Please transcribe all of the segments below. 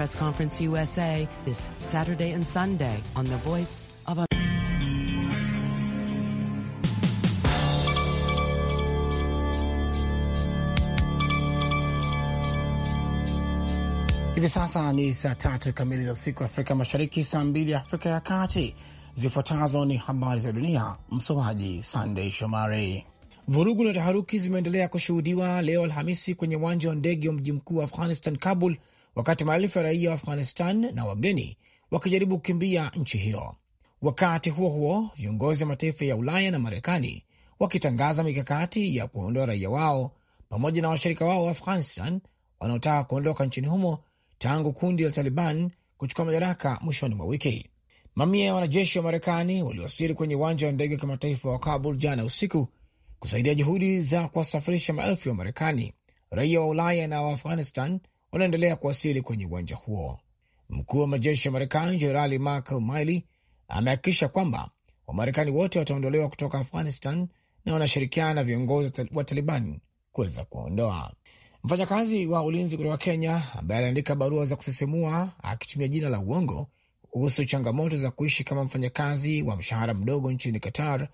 Press Conference USA this Saturday and Sunday on The Voice of America. Hivi sasa ni saa tatu kamili za usiku Afrika Mashariki, saa mbili Afrika ya Kati. Zifuatazo ni habari za dunia, msomaji Sandei Shomari. Vurugu na taharuki zimeendelea kushuhudiwa leo Alhamisi kwenye uwanja wa ndege wa mji mkuu wa Afghanistan, Kabul, wakati maelfu ya raia wa Afghanistan na wageni wakijaribu kukimbia nchi hiyo. Wakati huo huo, viongozi wa mataifa ya Ulaya na Marekani wakitangaza mikakati ya kuondoa raia wao pamoja na washirika wao wa Afghanistan wanaotaka kuondoka nchini humo tangu kundi la Taliban kuchukua madaraka mwishoni mwa wiki. Mamia ya wanajeshi wa Marekani waliwasili kwenye uwanja wa ndege wa kimataifa wa Kabul jana usiku kusaidia juhudi za kuwasafirisha maelfu ya Wamarekani, raia wa Ulaya na wa Afghanistan wanaendelea kuwasili kwenye uwanja huo. Mkuu wa majeshi ya Marekani Jenerali Mark Milley amehakikisha kwamba Wamarekani wote wataondolewa kutoka Afghanistan na wanashirikiana na viongozi wa Taliban kuweza kuwaondoa. Mfanyakazi wa ulinzi kutoka Kenya ambaye aliandika barua za kusisimua akitumia jina la uongo kuhusu changamoto za kuishi kama mfanyakazi wa mshahara mdogo nchini Qatar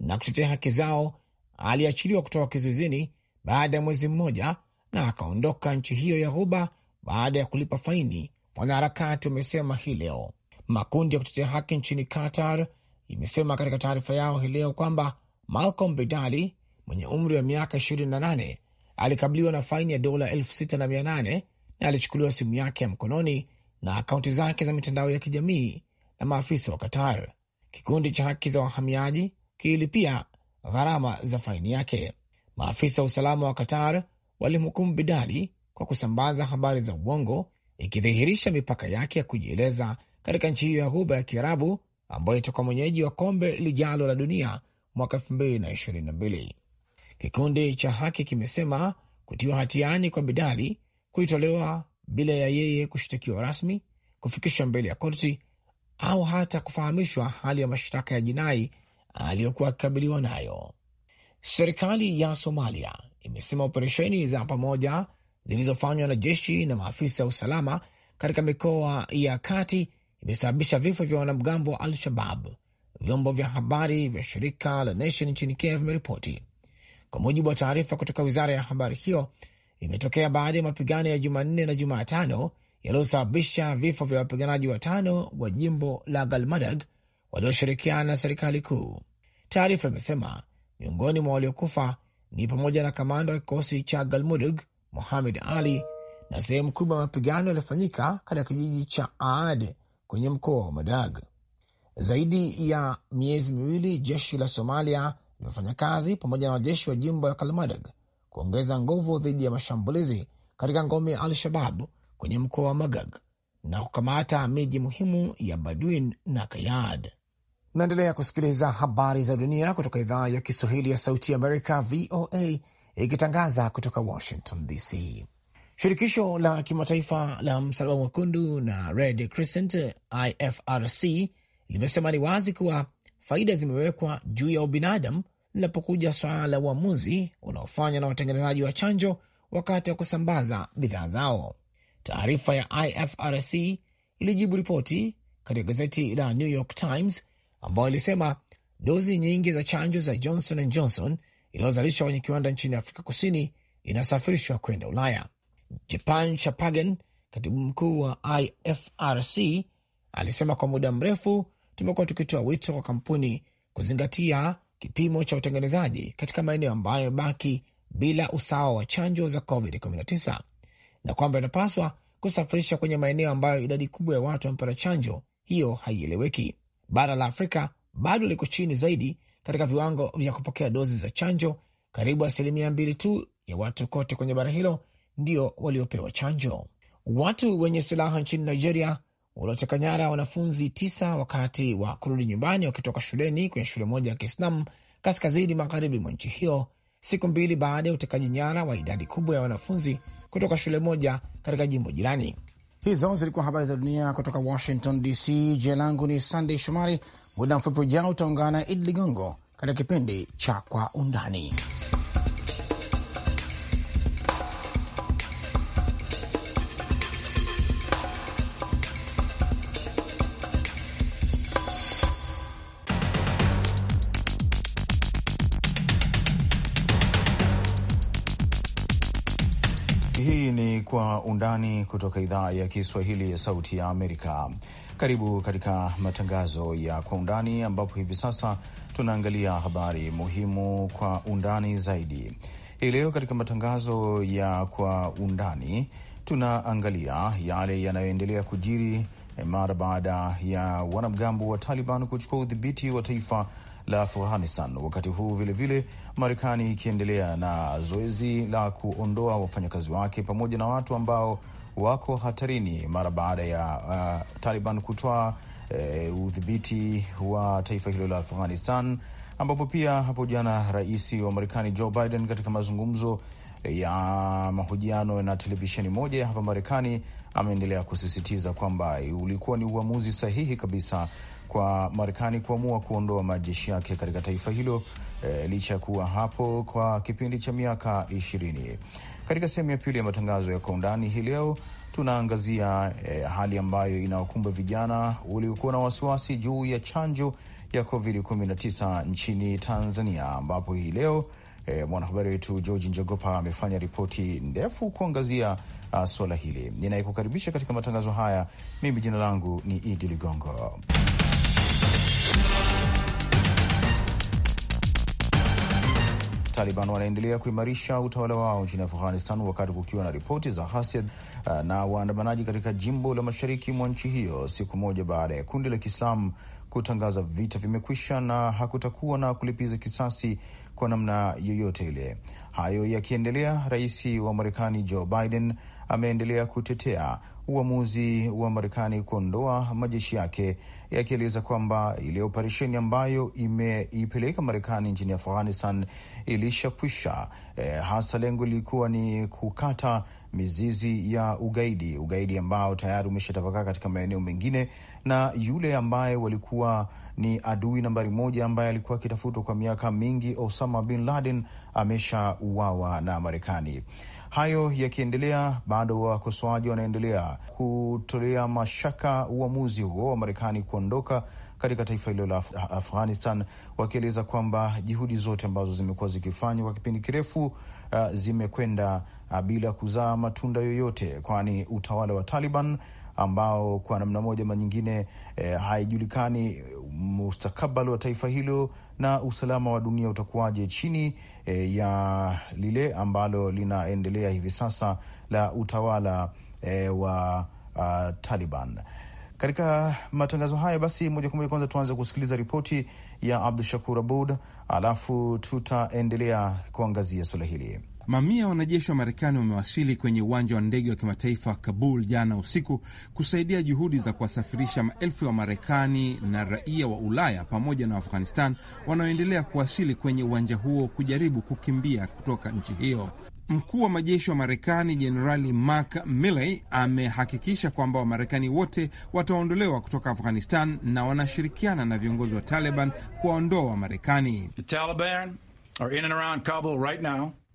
na kutetea haki zao aliachiliwa kutoka kizuizini baada ya mwezi mmoja na akaondoka nchi hiyo ya Ghuba baada ya kulipa faini, wanaharakati wamesema hii leo. Makundi ya kutetea haki nchini Qatar imesema katika taarifa yao hii leo kwamba Malcolm Bidali mwenye umri wa miaka 28 alikabiliwa na faini ya dola elfu na na alichukuliwa simu yake ya mkononi na akaunti zake za mitandao ya kijamii na maafisa wa Qatar. Kikundi cha haki za wahamiaji kililipia gharama za faini yake. Maafisa wa usalama wa Qatar walimhukumu Bidali kwa kusambaza habari za uongo ikidhihirisha mipaka yake ya kujieleza katika nchi hiyo ya Ghuba ya Kiarabu ambayo itakuwa mwenyeji wa kombe lijalo la dunia mwaka 2022. Kikundi cha haki kimesema kutiwa hatiani kwa Bidali kulitolewa bila ya yeye kushtakiwa rasmi, kufikishwa mbele ya korti au hata kufahamishwa hali ya mashtaka ya jinai aliyokuwa akikabiliwa nayo. Serikali ya Somalia imesema operesheni za pamoja zilizofanywa na jeshi na maafisa wa usalama katika mikoa ya kati imesababisha vifo vya wanamgambo wa Al-Shabab, vyombo vya habari vya shirika la Nation nchini kea vimeripoti. Kwa mujibu wa taarifa kutoka wizara ya habari, hiyo imetokea baada ya mapigano ya Jumanne na Jumatano yaliyosababisha vifo vya wapiganaji watano wa jimbo la Galmadag walioshirikiana na serikali kuu. Taarifa imesema miongoni mwa waliokufa ni pamoja na kamanda wa kikosi cha Galmudug muhamed Ali, na sehemu kubwa ya mapigano yaliyofanyika katika kijiji cha Aad kwenye mkoa wa Madag. Zaidi ya miezi miwili jeshi la Somalia limefanya kazi pamoja na wajeshi wa jimbo la Kalmadag kuongeza nguvu dhidi ya mashambulizi katika ngome ya Al-Shabab kwenye mkoa wa Magag na kukamata miji muhimu ya Badwin na Kayad. Naendelea kusikiliza habari za dunia kutoka idhaa ya Kiswahili ya Sauti Amerika, VOA, ikitangaza kutoka Washington DC. Shirikisho la kimataifa la Msalaba Mwekundu na Red Crescent, IFRC, limesema ni wazi kuwa faida zimewekwa juu ya ubinadamu linapokuja swala la uamuzi unaofanywa na watengenezaji wa chanjo wakati wa kusambaza bidhaa zao. Taarifa ya IFRC ilijibu ripoti katika gazeti la New York Times ambao ilisema dozi nyingi za chanjo za Johnson and Johnson iliyozalishwa kwenye kiwanda nchini Afrika Kusini inasafirishwa kwenda Ulaya. Japan Chapagan, katibu mkuu wa IFRC, alisema kwa muda mrefu tumekuwa tukitoa wito kwa kampuni kuzingatia kipimo cha utengenezaji katika maeneo ambayo yamebaki bila usawa wa chanjo za COVID-19 na kwamba inapaswa kusafirisha kwenye maeneo ambayo idadi kubwa ya watu wamepata chanjo hiyo haieleweki bara la Afrika bado liko chini zaidi katika viwango vya kupokea dozi za chanjo. Karibu asilimia mbili tu ya watu kote kwenye bara hilo ndio waliopewa chanjo. Watu wenye silaha nchini Nigeria walioteka nyara wanafunzi tisa wakati wa kurudi nyumbani wakitoka shuleni kwenye shule moja ya Kiislamu kaskazini magharibi mwa nchi hiyo, siku mbili baada ya utekaji nyara wa idadi kubwa ya wanafunzi kutoka shule moja katika jimbo jirani. Hizo zilikuwa habari za dunia kutoka Washington DC. Jina langu ni Sandey Shomari. Muda mfupi ujao utaungana na Idi Ligongo katika kipindi cha Kwa Undani. Undani kutoka idhaa ya Kiswahili ya Sauti ya Amerika. Karibu katika matangazo ya Kwa Undani, ambapo hivi sasa tunaangalia habari muhimu kwa undani zaidi. Hii leo katika matangazo ya Kwa Undani tunaangalia yale yanayoendelea kujiri eh, mara baada ya wanamgambo wa Taliban kuchukua udhibiti wa taifa la Afghanistan, wakati huu vilevile Marekani ikiendelea na zoezi la kuondoa wafanyakazi wake pamoja na watu ambao wako hatarini mara baada ya uh, Taliban kutoa uh, udhibiti wa taifa hilo la Afghanistan, ambapo pia hapo jana rais wa Marekani Joe Biden katika mazungumzo ya mahojiano na televisheni moja ya hapa Marekani ameendelea kusisitiza kwamba ulikuwa ni uamuzi sahihi kabisa kwa Marekani kuamua kuondoa majeshi yake katika taifa hilo e, licha ya kuwa hapo kwa kipindi cha miaka ishirini. Katika sehemu ya pili ya matangazo ya kwa undani hii leo tunaangazia e, hali ambayo inawakumba vijana waliokuwa na wasiwasi juu ya chanjo ya COVID-19 nchini Tanzania, ambapo hii leo e, mwanahabari wetu George Njogopa amefanya ripoti ndefu kuangazia uh, ah, suala hili. Ninayekukaribisha katika matangazo haya, mimi jina langu ni Idi Ligongo. Taliban wanaendelea kuimarisha utawala wao nchini Afghanistan wakati kukiwa na ripoti za ghasia uh, na waandamanaji katika jimbo la mashariki mwa nchi hiyo, siku moja baada ya kundi la Kiislamu kutangaza vita vimekwisha na hakutakuwa na kulipiza kisasi kwa namna yoyote ile. Hayo yakiendelea, rais wa Marekani Joe Biden ameendelea kutetea uamuzi wa Marekani kuondoa majeshi yake, yakieleza kwamba ile operesheni ambayo imeipeleka Marekani nchini Afghanistan ilishakwisha. E, hasa lengo lilikuwa ni kukata mizizi ya ugaidi, ugaidi ambao tayari umeshatapakaa katika maeneo mengine, na yule ambaye walikuwa ni adui nambari moja ambaye alikuwa akitafutwa kwa miaka mingi, Osama bin Laden ameshauawa na Marekani. Hayo yakiendelea, bado wakosoaji wanaendelea kutolea mashaka uamuzi huo wa Marekani kuondoka katika taifa hilo la Af Afghanistan, wakieleza kwamba juhudi zote ambazo zimekuwa zikifanywa kwa kipindi kirefu uh, zimekwenda uh, bila kuzaa matunda yoyote, kwani utawala wa Taliban ambao kwa namna moja ama nyingine e, haijulikani mustakabali wa taifa hilo na usalama wa dunia utakuwaje chini e, ya lile ambalo linaendelea hivi sasa la utawala e, wa a, ah, Taliban. Katika matangazo haya basi, moja kwa moja, kwanza tuanze kusikiliza ripoti ya Abdu Shakur Abud, alafu tutaendelea kuangazia suala hili. Mamia wanajeshi wa Marekani wamewasili kwenye uwanja wa ndege wa kimataifa wa Kabul jana usiku kusaidia juhudi za kuwasafirisha maelfu ya Wamarekani na raia wa Ulaya pamoja na Afghanistan wanaoendelea kuwasili kwenye uwanja huo kujaribu kukimbia kutoka nchi hiyo. Mkuu wa majeshi wa Marekani Jenerali Mark Milley amehakikisha kwamba Wamarekani wote wataondolewa kutoka Afghanistan na wanashirikiana na viongozi wa Taliban kuwaondoa Wamarekani.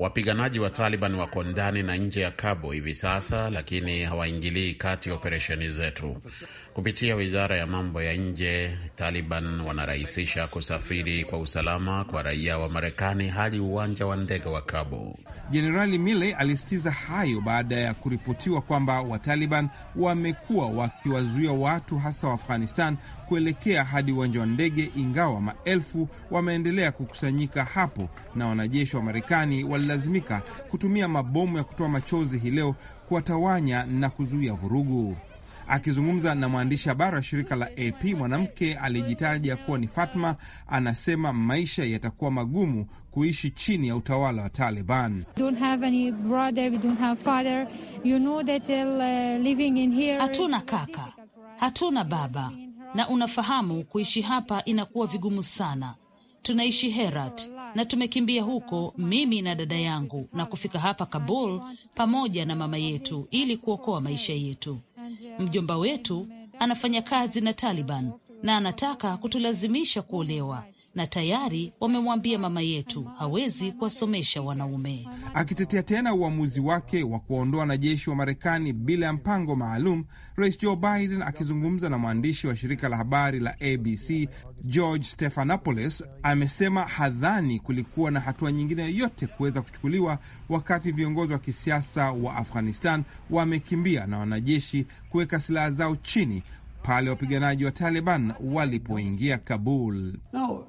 Wapiganaji wa Taliban wako ndani na nje ya Kabo hivi sasa, lakini hawaingilii kati operesheni zetu. Kupitia wizara ya mambo ya nje, Taliban wanarahisisha kusafiri kwa usalama kwa raia wa Marekani hadi uwanja wa ndege wa Kabo. Jenerali Milley alisitiza hayo baada ya kuripotiwa kwamba Wataliban wamekuwa wakiwazuia watu hasa wa Afghanistan kuelekea hadi uwanja wa ndege, ingawa maelfu wameendelea kukusanyika hapo, na wanajeshi wa Marekani walilazimika kutumia mabomu ya kutoa machozi hii leo kuwatawanya na kuzuia vurugu. Akizungumza na mwandishi habari wa shirika la AP, mwanamke aliyejitaja kuwa ni Fatma anasema maisha yatakuwa magumu kuishi chini ya utawala wa Taliban. Uh, hatuna kaka, hatuna baba, na unafahamu kuishi hapa inakuwa vigumu sana. Tunaishi Herat na tumekimbia huko, mimi na dada yangu, na kufika hapa Kabul pamoja na mama yetu ili kuokoa maisha yetu. Mjomba wetu anafanya kazi na Taliban na anataka kutulazimisha kuolewa, na tayari wamemwambia mama yetu hawezi kuwasomesha wanaume. Akitetea tena uamuzi wake wa kuwaondoa wanajeshi wa Marekani bila ya mpango maalum, Rais Joe Biden akizungumza na mwandishi wa shirika la habari la ABC George Stephanopoulos amesema hadhani kulikuwa na hatua nyingine yoyote kuweza kuchukuliwa wakati viongozi wa kisiasa wa Afghanistan wamekimbia na wanajeshi kuweka silaha zao chini pale wapiganaji wa Taliban walipoingia Kabul. No,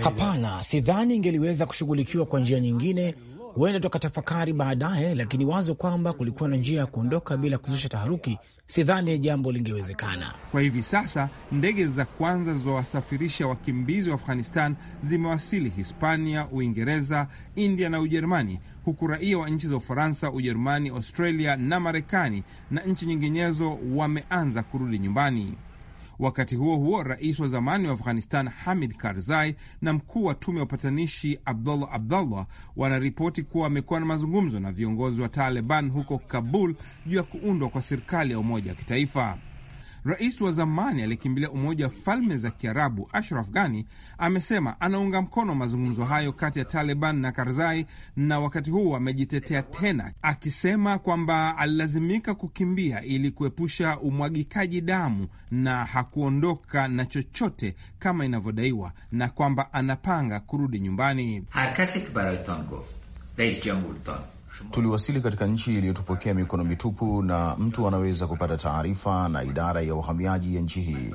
hapana, sidhani ingeliweza kushughulikiwa kwa njia nyingine Huenda tukatafakari baadaye, lakini wazo kwamba kulikuwa na njia ya kuondoka bila kuzusha taharuki, sidhani jambo lingewezekana. Kwa hivi sasa ndege za kwanza zilizowasafirisha wakimbizi wa Afghanistan zimewasili Hispania, Uingereza, India na Ujerumani, huku raia wa nchi za Ufaransa, Ujerumani, Australia na Marekani na nchi nyinginezo wameanza kurudi nyumbani. Wakati huo huo, rais wa zamani wa Afghanistan Hamid Karzai na mkuu wa tume ya upatanishi Abdullah Abdullah wanaripoti kuwa wamekuwa na mazungumzo na viongozi wa Taliban huko Kabul juu ya kuundwa kwa serikali ya umoja wa kitaifa. Rais wa zamani aliyekimbilia Umoja wa Falme za Kiarabu Ashraf Ghani amesema anaunga mkono mazungumzo hayo kati ya Taliban na Karzai, na wakati huu amejitetea tena akisema kwamba alilazimika kukimbia ili kuepusha umwagikaji damu na hakuondoka na chochote kama inavyodaiwa, na kwamba anapanga kurudi nyumbani. Tuliwasili katika nchi iliyotupokea mikono mitupu, na mtu anaweza kupata taarifa na idara ya uhamiaji ya nchi hii.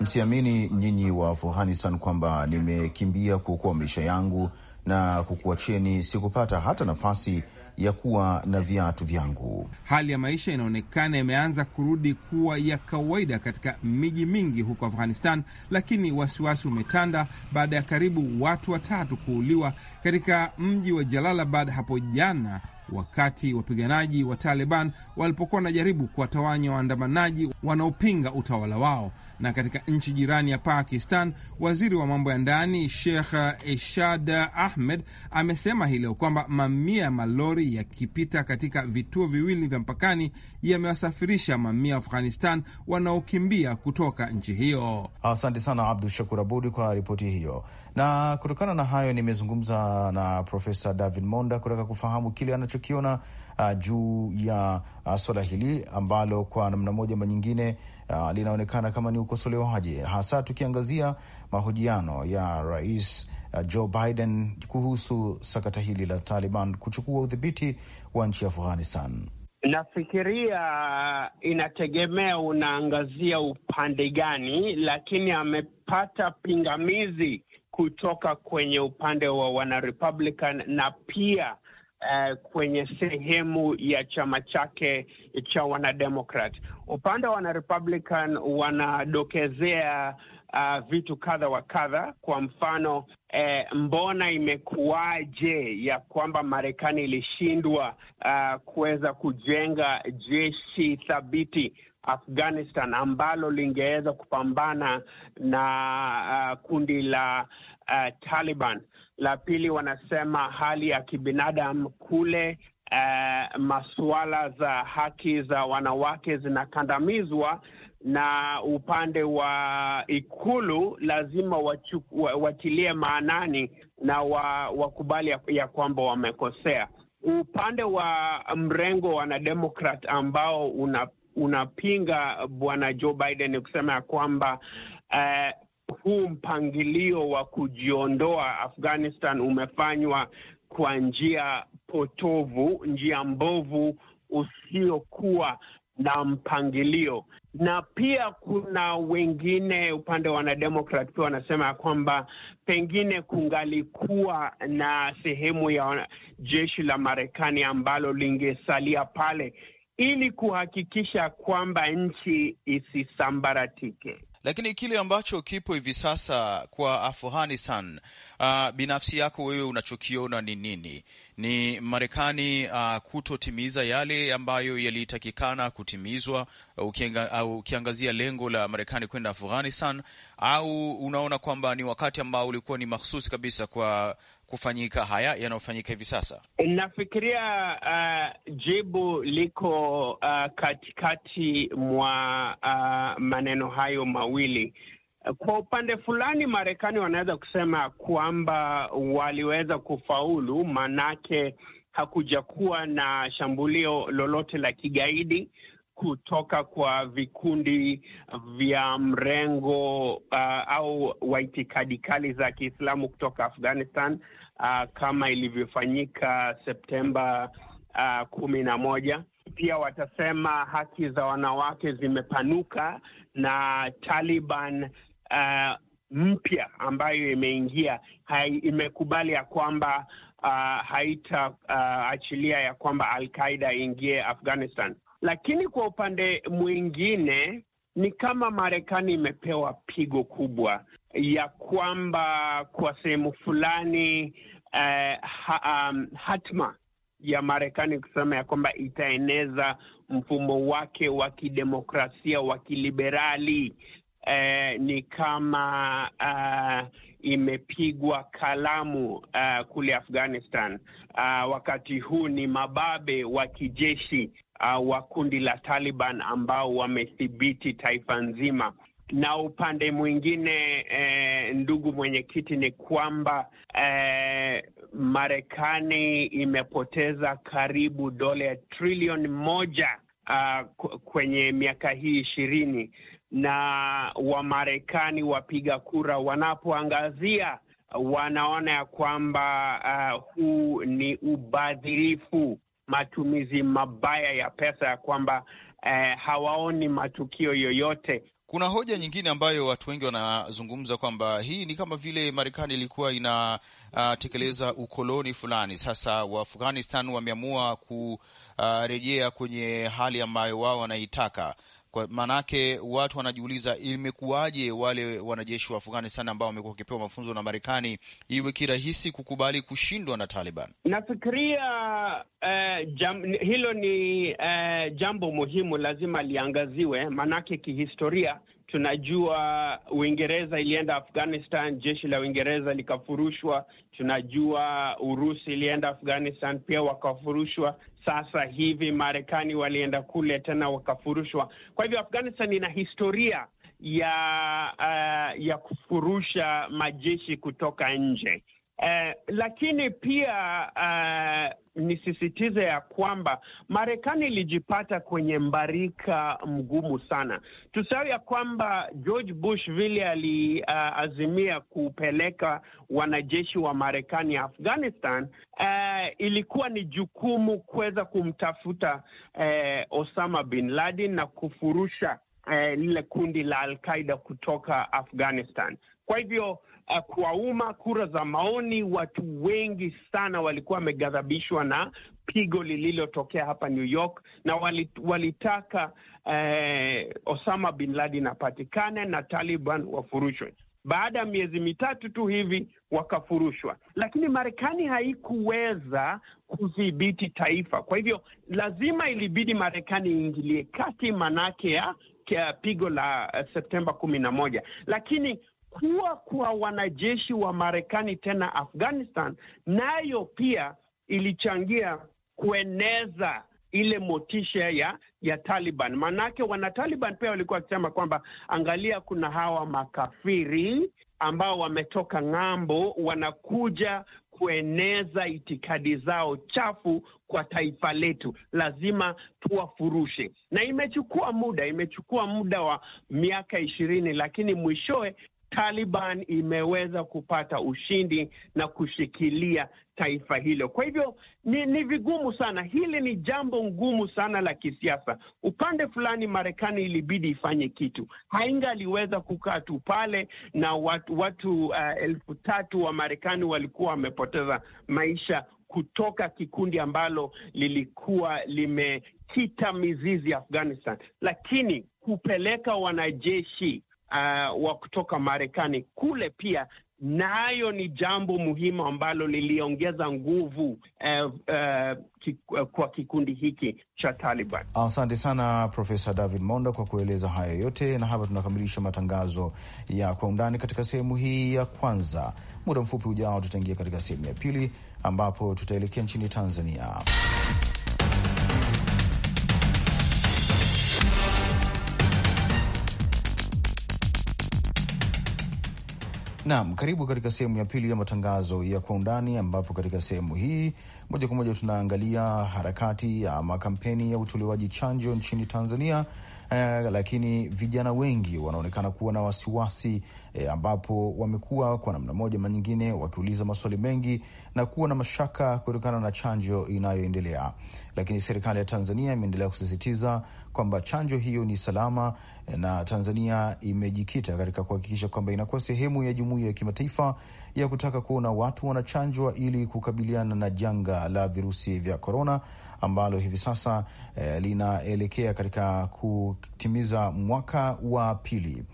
Msiamini nyinyi wa Afghanistan kwamba nimekimbia kuokoa maisha yangu na kukuacheni. Sikupata hata nafasi ya kuwa na viatu vyangu. Hali ya maisha inaonekana imeanza kurudi kuwa ya kawaida katika miji mingi huko Afghanistan, lakini wasiwasi umetanda baada ya karibu watu watatu kuuliwa katika mji wa Jalalabad hapo jana wakati wapiganaji wa Taliban walipokuwa wanajaribu kuwatawanya waandamanaji wanaopinga utawala wao. Na katika nchi jirani ya Pakistan, waziri wa mambo ya ndani Sheikh Eshad Ahmed amesema hii leo kwamba mamia ya malori yakipita katika vituo viwili vya mpakani yamewasafirisha mamia ya Afghanistan wanaokimbia kutoka nchi hiyo. Asante sana Abdu Shakur Abudi kwa ripoti hiyo. Na kutokana na hayo nimezungumza na Profesa David Monda kutaka kufahamu kile anachokiona uh, juu ya uh, swala hili ambalo kwa namna moja ama nyingine uh, linaonekana kama ni ukosolewaji, hasa tukiangazia mahojiano ya Rais uh, Joe Biden kuhusu sakata hili la Taliban kuchukua udhibiti wa nchi ya Afghanistan. Nafikiria uh, inategemea unaangazia upande gani, lakini amepata pingamizi kutoka kwenye upande wa wana na pia uh, kwenye sehemu ya chama chake cha wanademokrat. Upande wa wana wanadokezea uh, vitu kadha wa kadha. Kwa mfano eh, mbona imekuwaje ya kwamba Marekani ilishindwa uh, kuweza kujenga jeshi thabiti Afghanistan ambalo lingeweza kupambana na uh, kundi la uh, Taliban. La pili, wanasema hali ya kibinadamu kule Uh, masuala za haki za wanawake zinakandamizwa na upande wa ikulu lazima wachu, watilie maanani na wa, wakubali ya, ya kwamba wamekosea. Upande wa mrengo wa wanademokrat ambao una unapinga bwana Joe Biden kusema ya kwamba uh, huu mpangilio wa kujiondoa Afghanistan umefanywa kwa njia potovu, njia mbovu, usiokuwa na mpangilio. Na pia kuna wengine upande wa wanademokrat pia wanasema ya kwamba pengine kungalikuwa na sehemu ya jeshi la Marekani ambalo lingesalia pale ili kuhakikisha kwamba nchi isisambaratike. Lakini kile ambacho kipo hivi sasa kwa Afghanistan, uh, binafsi yako wewe unachokiona ni nini? Ni Marekani uh, kutotimiza yale ambayo yalitakikana kutimizwa, uh, ukianga, uh, ukiangazia lengo la Marekani kwenda Afghanistan, au unaona kwamba ni wakati ambao ulikuwa ni mahsusi kabisa kwa kufanyika haya yanayofanyika hivi sasa? Nafikiria uh, jibu liko uh, katikati mwa uh, maneno hayo mawili. Kwa upande fulani, Marekani wanaweza kusema kwamba waliweza kufaulu, manake hakujakuwa na shambulio lolote la kigaidi kutoka kwa vikundi vya mrengo uh, au wa itikadi kali za Kiislamu kutoka Afghanistan uh, kama ilivyofanyika Septemba uh, kumi na moja. Pia watasema haki za wanawake zimepanuka na Taliban uh, mpya ambayo imeingia hai, imekubali ya kwamba uh, haitaachilia uh, ya kwamba Al Qaida iingie Afghanistan. Lakini kwa upande mwingine ni kama Marekani imepewa pigo kubwa ya kwamba kwa sehemu fulani eh, ha, um, hatma ya Marekani kusema ya kwamba itaeneza mfumo wake wa kidemokrasia wa kiliberali eh, ni kama uh, imepigwa kalamu uh, kule Afghanistan. Uh, wakati huu ni mababe wa kijeshi uh, wa kundi la Taliban ambao wamethibiti taifa nzima na upande mwingine eh, ndugu mwenyekiti, ni kwamba eh, Marekani imepoteza karibu dola ya trilioni moja uh, kwenye miaka hii ishirini na Wamarekani wapiga kura wanapoangazia, wanaona ya kwamba uh, huu ni ubadhirifu, matumizi mabaya ya pesa, ya kwamba uh, hawaoni matukio yoyote. Kuna hoja nyingine ambayo watu wengi wanazungumza kwamba hii ni kama vile Marekani ilikuwa inatekeleza uh, ukoloni fulani. Sasa Waafghanistan wameamua kurejea uh, kwenye hali ambayo wao wanaitaka. Kwa maanake watu wanajiuliza imekuwaje wale wanajeshi wa Afghanistan ambao wamekuwa wakipewa mafunzo na Marekani iwe kirahisi kukubali kushindwa na Taliban? Nafikiria uh, jam, hilo ni uh, jambo muhimu, lazima liangaziwe, maanake kihistoria tunajua Uingereza ilienda Afghanistan, jeshi la Uingereza likafurushwa. Tunajua Urusi ilienda Afghanistan pia wakafurushwa sasa hivi Marekani walienda kule tena wakafurushwa. Kwa hivyo Afghanistan ina historia ya, uh, ya kufurusha majeshi kutoka nje. Eh, lakini pia uh, nisisitize ya kwamba Marekani ilijipata kwenye mbarika mgumu sana. Tusahau ya kwamba George Bush vile aliazimia eh, uh, kupeleka wanajeshi wa Marekani Afghanistan, uh, ilikuwa ni jukumu kuweza kumtafuta uh, Osama bin Laden na kufurusha eh, lile kundi la alqaida kutoka Afghanistan. Kwa hivyo eh, kwa umma, kura za maoni, watu wengi sana walikuwa wameghadhabishwa na pigo lililotokea hapa New York na walitaka eh, Osama bin Laden apatikane na Taliban wafurushwe. Baada ya miezi mitatu tu hivi wakafurushwa, lakini Marekani haikuweza kudhibiti taifa. Kwa hivyo lazima ilibidi Marekani iingilie kati, manake ya pigo la eh, Septemba kumi na moja, lakini kuwa kwa wanajeshi wa Marekani tena Afghanistan nayo pia ilichangia kueneza ile motisha ya ya Taliban. Maanake wana Taliban pia walikuwa wakisema kwamba angalia, kuna hawa makafiri ambao wametoka ng'ambo wanakuja kueneza itikadi zao chafu kwa taifa letu, lazima tuwafurushe. Na imechukua muda, imechukua muda wa miaka ishirini, lakini mwishowe Taliban imeweza kupata ushindi na kushikilia taifa hilo. Kwa hivyo ni, ni vigumu sana, hili ni jambo ngumu sana la kisiasa. Upande fulani, Marekani ilibidi ifanye kitu, hainga aliweza kukaa tu pale na watu, watu uh, elfu tatu wa Marekani walikuwa wamepoteza maisha kutoka kikundi ambalo lilikuwa limekita mizizi Afghanistan, lakini kupeleka wanajeshi uh, wa kutoka Marekani kule pia nayo ni jambo muhimu ambalo liliongeza nguvu eh, eh, eh kwa kikundi hiki cha Taliban. Asante sana Profesa David Monda kwa kueleza hayo yote, na hapa tunakamilisha matangazo ya Kwa Undani katika sehemu hii ya kwanza. Muda mfupi ujao, tutaingia katika sehemu ya pili ambapo tutaelekea nchini Tanzania. Naam, karibu katika sehemu ya pili ya matangazo ya kwa undani, ambapo katika sehemu hii moja kwa moja tunaangalia harakati ama kampeni ya utolewaji chanjo nchini Tanzania eh, lakini vijana wengi wanaonekana kuwa na wasiwasi eh, ambapo wamekuwa kwa namna moja ma nyingine wakiuliza maswali mengi na kuwa na mashaka kutokana na chanjo inayoendelea. Lakini serikali ya Tanzania imeendelea kusisitiza kwamba chanjo hiyo ni salama, eh, na Tanzania imejikita katika kuhakikisha kwamba inakuwa sehemu ya jumuiya ya kimataifa ya kutaka kuona watu wanachanjwa ili kukabiliana na janga la virusi vya korona ambalo hivi sasa eh, linaelekea katika kutimiza mwaka wa pili.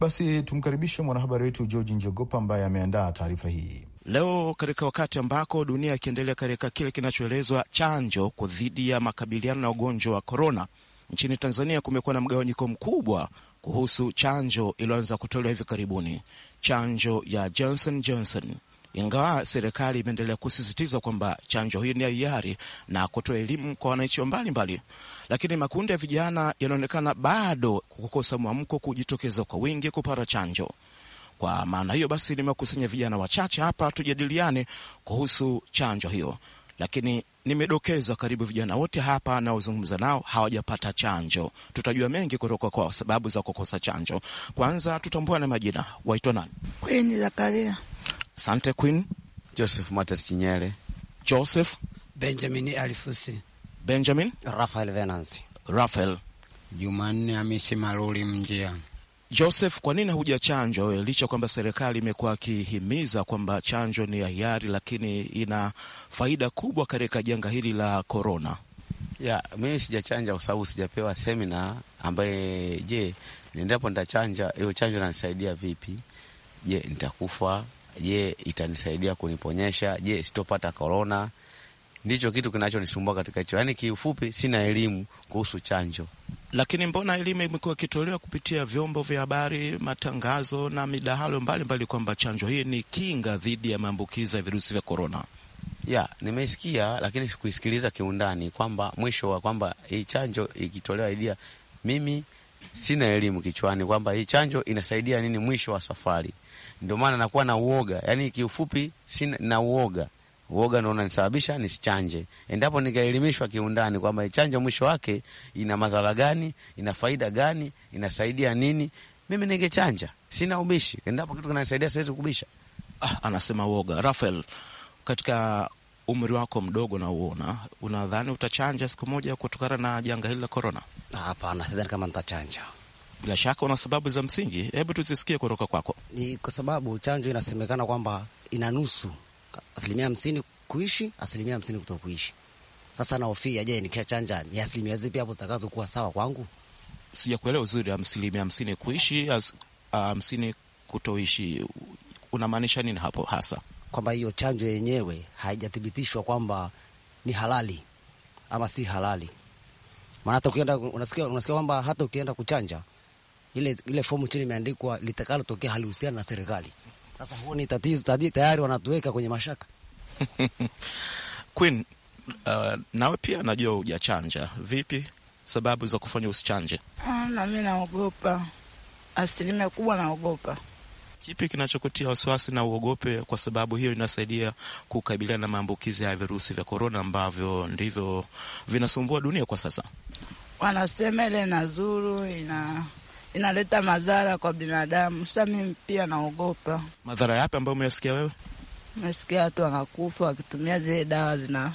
Basi tumkaribishe mwanahabari wetu George Njogopa ambaye ameandaa taarifa hii. Leo katika wakati ambako dunia ikiendelea katika kile kinachoelezwa chanjo kwa dhidi ya makabiliano na ugonjwa wa korona, nchini Tanzania kumekuwa na mgawanyiko mkubwa kuhusu chanjo iliyoanza kutolewa hivi karibuni, chanjo ya Johnson Johnson ingawa serikali imeendelea kusisitiza kwamba chanjo hii ni hiari na kutoa elimu kwa wananchi wa mbalimbali, lakini makundi ya vijana yanaonekana bado kukosa mwamko kujitokeza kwa wingi kupata chanjo. Kwa maana hiyo basi, nimekusanya vijana wachache hapa tujadiliane kuhusu chanjo hiyo, lakini nimedokeza karibu vijana wote hapa naozungumza nao hawajapata chanjo. Tutajua mengi kutoka kwa sababu za kukosa chanjo. Kwanza tutambua na majina, waitwa nani? Kweni Zakaria Sante Queen, Joseph Mates Chinyele, Joseph Benjamin Alifusi, Benjamin Rafael Venansi, Rafael Jumanne Amisi Maruli Mjia. Joseph, kwa nini hujachanjwa wewe, licha kwamba serikali imekuwa akihimiza kwamba chanjo ni hiari, lakini ina faida kubwa katika janga hili la korona? Ya, mimi sijachanja kwa sababu sijapewa semina ambaye, je, niendapo nitachanja hiyo chanjo inanisaidia vipi? Je, nitakufa Je, itanisaidia kuniponyesha? Je, sitopata korona? Ndicho kitu kinachonisumbua katika hicho, yaani kiufupi, sina elimu kuhusu chanjo. Lakini mbona elimu imekuwa ikitolewa kupitia vyombo vya habari, matangazo na midahalo mbalimbali kwamba chanjo hii ni kinga dhidi ya maambukizi ya virusi vya korona? Ya, nimeisikia lakini kuisikiliza kiundani, kwamba mwisho wa kwamba hii chanjo ikitolewa idia, mimi sina elimu kichwani kwamba hii chanjo inasaidia nini mwisho wa safari ndio maana nakuwa na uoga, Yani kiufupi, sina na uoga. Uoga ndio unanisababisha nisichanje. Endapo nikaelimishwa kiundani kwamba chanjo mwisho wake ina madhara gani, ina faida gani, inasaidia nini, mimi ningechanja. Sina ubishi, endapo kitu kinanisaidia siwezi kubisha. Ah, anasema uoga. Rafael, katika umri wako mdogo nauona, unadhani utachanja siku moja kutokana na janga hili la korona? Ah, hapana, sidhani kama nitachanja. Bila shaka una sababu za msingi, hebu tuzisikie kutoka kwako. Ni kwa sababu chanjo inasemekana kwamba ina nusu, asilimia hamsini kuishi, asilimia hamsini kuto kuishi. Sasa naofia, je, nikishachanja ni asilimia zipi hapo zitakazokuwa sawa kwangu? Sijakuelewa uzuri. Asilimia hamsini kuishi, ah, hamsini kutoishi, unamaanisha nini hapo hasa? Kwamba hiyo chanjo yenyewe haijathibitishwa kwamba ni halali ama si halali. Maana hata ukienda unasikia, unasikia kwamba hata ukienda kuchanja ile, ile fomu chini imeandikwa litakalotokea halihusiana na serikali. Sasa huo ni tatizo tayari wanatuweka kwenye mashaka Queen, uh, nawe pia najua hujachanja. Vipi sababu za kufanya usichanje? Pana, ah, mi naogopa, asilimia kubwa naogopa. Kipi kinachokutia wasiwasi na uogope? Kwa sababu hiyo inasaidia kukabiliana na maambukizi ya virusi vya korona ambavyo ndivyo vinasumbua dunia kwa sasa. Wanasema ile nazuru ina inaleta madhara kwa binadamu. Sasa mimi pia naogopa. Madhara yapi ambayo umeyasikia wewe? Nasikia watu wanakufa wakitumia zile dawa zina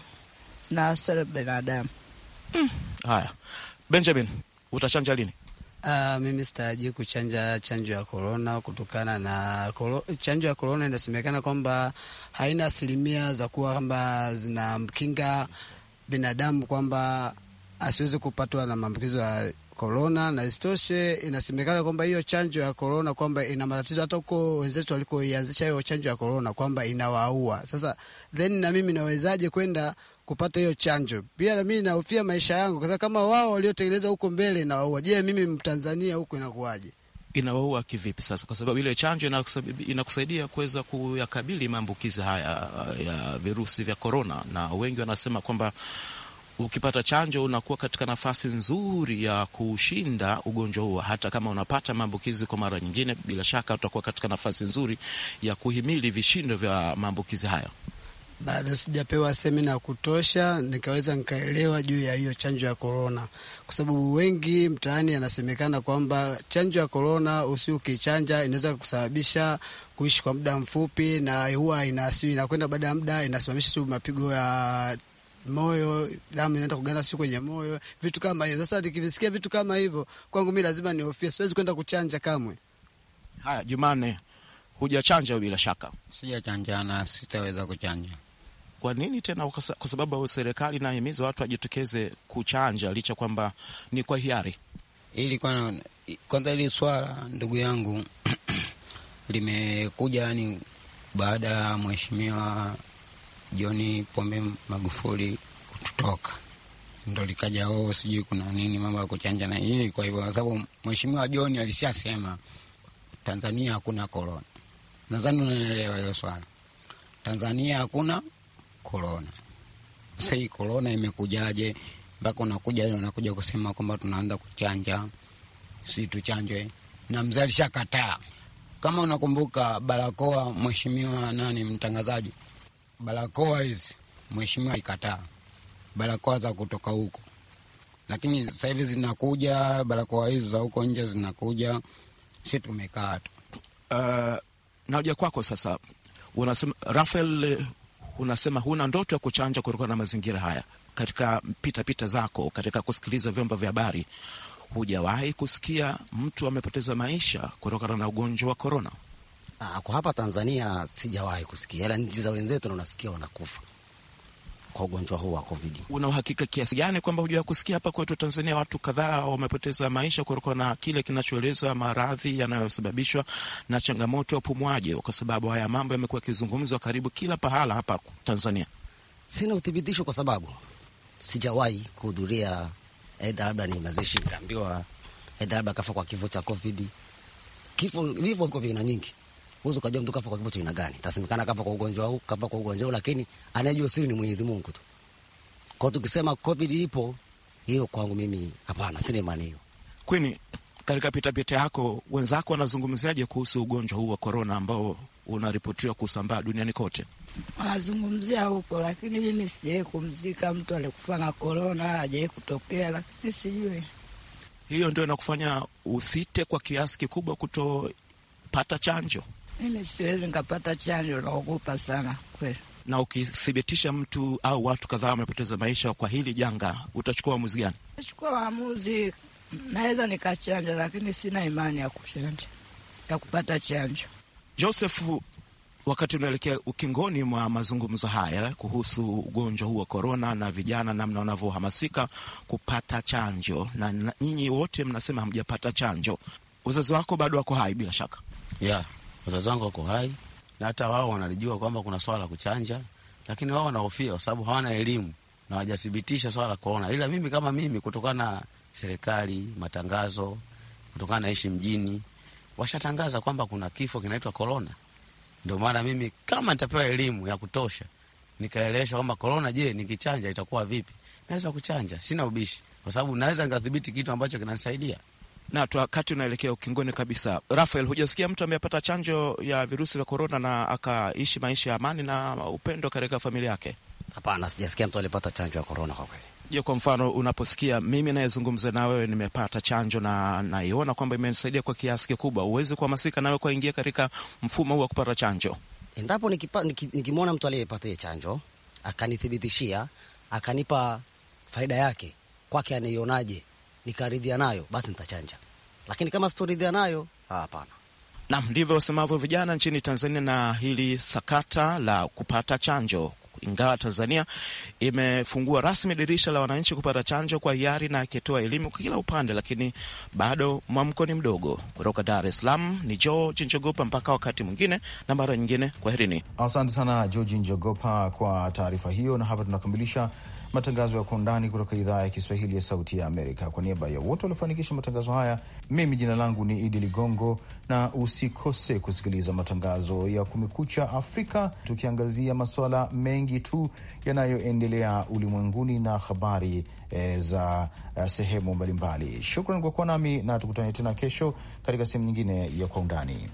zinaasara binadamu. Mm. Haya, Benjamin, utachanja lini? Uh, mimi sitaraji kuchanja chanjo ya korona kutokana na koro, chanjo ya korona inasemekana kwamba haina asilimia za kuwa kwamba zinamkinga binadamu kwamba asiwezi kupatwa na maambukizo ya korona, na isitoshe inasemekana kwamba hiyo chanjo ya korona kwamba ina matatizo, hata huko wenzetu walikoianzisha hiyo chanjo ya korona kwamba inawaua. Sasa then na mimi nawezaje kwenda kupata hiyo chanjo? Pia na mimi nahofia maisha yangu, kasa kama wao waliotengeneza huko mbele inawaua, je, mimi Mtanzania huko inakuwaje? inawaua kivipi sasa? Kwa sababu ile chanjo inakusaidia kuweza kuyakabili maambukizi haya ya virusi vya korona, na wengi wanasema kwamba ukipata chanjo unakuwa katika nafasi nzuri ya kushinda ugonjwa huo. Hata kama unapata maambukizi kwa mara nyingine, bila shaka utakuwa katika nafasi nzuri ya kuhimili vishindo vya maambukizi hayo. Bado sijapewa semina ya kutosha nikaweza nikaelewa juu ya hiyo chanjo ya korona, kwa sababu wengi mtaani anasemekana kwamba chanjo ya korona usi ukichanja inaweza kusababisha kuishi kwa muda mfupi, na huwa inasi inakwenda baada ya muda inasimamisha mapigo ya moyo, damu inaenda kuganda, si kwenye moyo, vitu kama hivyo. Sasa nikivisikia vitu kama hivyo, kwangu mi lazima nihofia, siwezi kwenda kuchanja kamwe. Haya, Jumane, hujachanja bila shaka? Sijachanja na sitaweza kuchanja. Kwa nini tena? Kwa sababu serikali inahimiza watu wajitokeze kuchanja licha kwamba ni kwa hiari. Ili kwanza, hili swala ndugu yangu limekuja yani baada ya mheshimiwa John Pombe Magufuli kututoka, ndo likaja oo, oh, sijui kuna nini mambo ya kuchanja na hii. Kwa hivyo, kwa sababu mheshimiwa John alishasema Tanzania hakuna korona, nadhani unaelewa hilo swala. Tanzania hakuna korona. Sasa hii korona imekujaje mpaka unakuja unakuja kusema kwamba tunaanza kuchanja, si tuchanjwe na mzee kataa. Kama unakumbuka barakoa, mheshimiwa nani mtangazaji barakoa hizi mheshimiwa ikataa, barakoa za kutoka huko. Lakini sasa hivi zinakuja barakoa hizi za huko nje zinakuja, si tumekaa tu. Uh, eh, naoja kwako sasa, unasema Rafael, unasema huna ndoto ya kuchanja kutokana na mazingira haya. Katika pitapita pita zako, katika kusikiliza vyombo vya habari, hujawahi kusikia mtu amepoteza maisha kutokana na ugonjwa wa korona? Ah, kwa hapa Tanzania sijawahi kusikia, ila yaani nchi za wenzetu unasikia wanakufa kwa ugonjwa huu wa COVID. Una uhakika kiasi gani kwamba hujua kusikia hapa kwetu Tanzania watu kadhaa wamepoteza maisha kutokana na kile kinachoelezwa maradhi yanayosababishwa na changamoto ya upumuaji? Kwa sababu haya mambo yamekuwa yakizungumzwa karibu kila pahala hapa Tanzania. Sina uthibitisho kwa sababu sijawahi kuhudhuria, aidha labda ni mazishi nikaambiwa, aidha labda kafa kwa kifo cha COVID. Kifo, vifo viko vina nyingi huwezi ukajua mtu kafa kwa kifo cha aina gani. Tasemekana kafa kwa ugonjwa huu, kafa kwa ugonjwa huu, lakini anayejua siri ni Mwenyezi Mungu tu. Kwa tukisema COVID ipo hiyo, kwangu mimi hapana, sina imani hiyo. Kwani katika pitapita yako wenzako wanazungumziaje kuhusu ugonjwa huu wa korona ambao unaripotiwa kusambaa duniani kote? Wanazungumzia huko, lakini mimi sijawahi kumzika mtu alikufa na korona, hajawahi kutokea, lakini sijui hiyo ndio inakufanya usite kwa kiasi kikubwa kutopata chanjo. Mimi siwezi nikapata chanjo, naogopa sana kweli. Na ukithibitisha mtu au watu kadhaa wamepoteza maisha kwa hili janga, utachukua uamuzi gani? Nachukua waamuzi, naweza nikachanja, lakini sina imani ya kuchanja, ya kupata chanjo. Joseph, wakati unaelekea ukingoni mwa mazungumzo haya kuhusu ugonjwa huu wa korona na vijana namna wanavyohamasika kupata chanjo, na nyinyi wote mnasema hamjapata chanjo, wazazi wako bado wako hai bila shaka, yeah wazazi wangu wako hai na hata wao wanalijua kwamba kuna swala la kuchanja, lakini wao wanahofia kwa sababu hawana elimu na wajathibitisha swala la korona. Ila mimi kama mimi, kutokana na serikali, matangazo, kutokana naishi mjini, washatangaza kwamba kuna kifo kinaitwa korona. Ndio maana mimi kama nitapewa elimu ya kutosha, nikaelewesha kwamba korona, je, nikichanja itakuwa vipi? Naweza kuchanja, sina ubishi, kwa sababu naweza nikadhibiti kitu ambacho kinanisaidia na wakati unaelekea ukingoni kabisa. Rafael, hujasikia mtu amepata chanjo ya virusi vya korona na akaishi maisha ya amani na upendo katika familia yake? Hapana, sijasikia mtu alipata chanjo ya korona kwa kweli. Je, kwa mfano unaposikia mimi nayezungumza na wewe nimepata chanjo na naiona kwamba imenisaidia kwa kiasi kikubwa, huwezi kuhamasika nawe kuingia katika mfumo huu wa kupata chanjo? Endapo nikimwona mtu aliyepata hiyo chanjo akanithibitishia akanipa faida yake kwake, anaionaje nikaridhia nayo, basi nitachanja, lakini kama sitoridhia nayo, ah, hapana. Nam, ndivyo wasemavyo vijana nchini Tanzania na hili sakata la kupata chanjo ingawa Tanzania imefungua rasmi dirisha la wananchi kupata chanjo kwa hiari na akitoa elimu kila upande, lakini bado mwamko ni mdogo. Kutoka Dar es Salaam ni George Njogopa. Mpaka wakati mwingine na mara nyingine, kwaherini. Asante sana George Njogopa kwa taarifa hiyo, na hapa tunakamilisha matangazo ya kwa undani kutoka idhaa ya Kiswahili ya Sauti ya Amerika. Kwa niaba ya wote waliofanikisha matangazo haya, mimi jina langu ni Idi Ligongo, na usikose kusikiliza matangazo ya Kumekucha Afrika, tukiangazia masuala mengi tu yanayoendelea ulimwenguni na habari e, za e, sehemu mbalimbali. Shukran kwa kuwa nami na tukutane tena kesho katika sehemu nyingine ya Kwa Undani.